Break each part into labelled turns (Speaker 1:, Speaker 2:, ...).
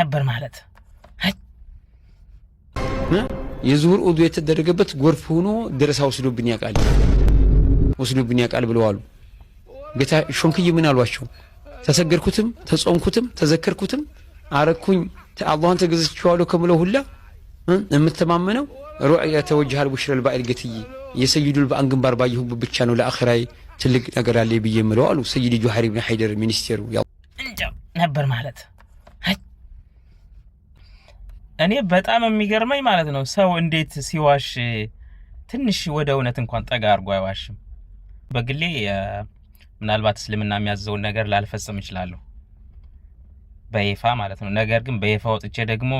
Speaker 1: ነበር ማለት የዙሁር ኡዱ የተደረገበት ጎርፍ ሆኖ ደረሳ ወስዶብን ያውቃል ወስዶብን ያውቃል ብለዋሉ። ጌታ ሾንክዬ ምን አሏቸው? ተሰገድኩትም፣ ተጾምኩትም፣ ተዘከርኩትም አረኩኝ አላህን ተገዝቼዋለሁ ከምለው ሁላ የምተማመነው ሩዕ ተወጅሃል ቡሽረል ባኤል ገትይ የሰይዱል በአን ግንባር ባየሁብ ብቻ ነው ለአኽራይ ትልቅ ነገር አለ ብዬ የምለው አሉ። ሰይድ ጆሃሪ ብን ሐይደር ሚኒስቴሩ ነበር ማለት እኔ በጣም የሚገርመኝ ማለት ነው ሰው እንዴት ሲዋሽ ትንሽ ወደ እውነት እንኳን ጠጋ አድርጎ አይዋሽም። በግሌ ምናልባት እስልምና የሚያዘውን ነገር ላልፈጽም እችላለሁ በይፋ ማለት ነው። ነገር ግን በይፋ ወጥቼ ደግሞ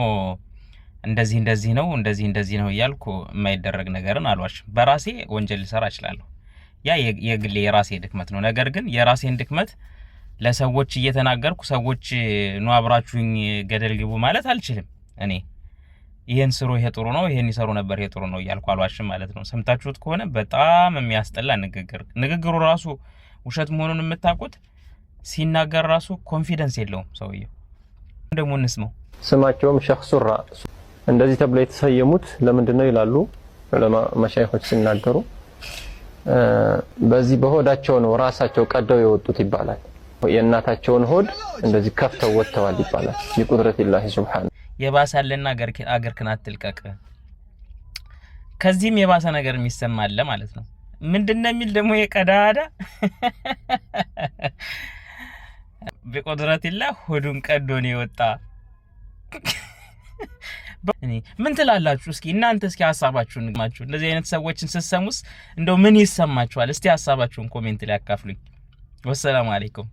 Speaker 1: እንደዚህ እንደዚህ ነው እንደዚህ እንደዚህ ነው እያልኩ የማይደረግ ነገርን አልዋሽም። በራሴ ወንጀል ልሰራ እችላለሁ። ያ የግሌ የራሴ ድክመት ነው። ነገር ግን የራሴን ድክመት ለሰዎች እየተናገርኩ ሰዎች ኑ አብራችሁኝ ገደል ግቡ ማለት አልችልም። እኔ ይህን ስሩ፣ ይሄ ጥሩ ነው፣ ይሄን ይሰሩ ነበር፣ ይሄ ጥሩ ነው እያልኩ አልዋሽም ማለት ነው። ሰምታችሁት ከሆነ በጣም የሚያስጠላ ንግግር፣ ንግግሩ ራሱ ውሸት መሆኑን የምታውቁት ሲናገር ራሱ ኮንፊደንስ የለውም ሰውየው። ደግሞ እንስማው።
Speaker 2: ስማቸውም ሸህ ሱራ እንደዚህ ተብሎ የተሰየሙት ለምንድን ነው ይላሉ መሻይኮች ሲናገሩ፣ በዚህ በሆዳቸው ነው ራሳቸው ቀደው የወጡት ይባላል። የእናታቸውን ሆድ እንደዚህ ከፍተው ወጥተዋል ይባላል። ሊቁድረት ላሂ ሱብሓነሁ
Speaker 1: የባሳለና አገር ክናት አትልቀቅ። ከዚህም የባሰ ነገር የሚሰማ አለ ማለት ነው። ምንድነው የሚል ደግሞ የቀዳዳ በቁድረቲላ ሆዱን ቀዶ ነው የወጣ። ምን ትላላችሁ? እስኪ እናንተ እስኪ ሀሳባችሁን ግማችሁ። እንደዚህ አይነት ሰዎችን ስትሰሙስ እንደው ምን ይሰማችኋል? እስቲ ሀሳባችሁን ኮሜንት ላይ አካፍሉኝ። ወሰላሙ አለይኩም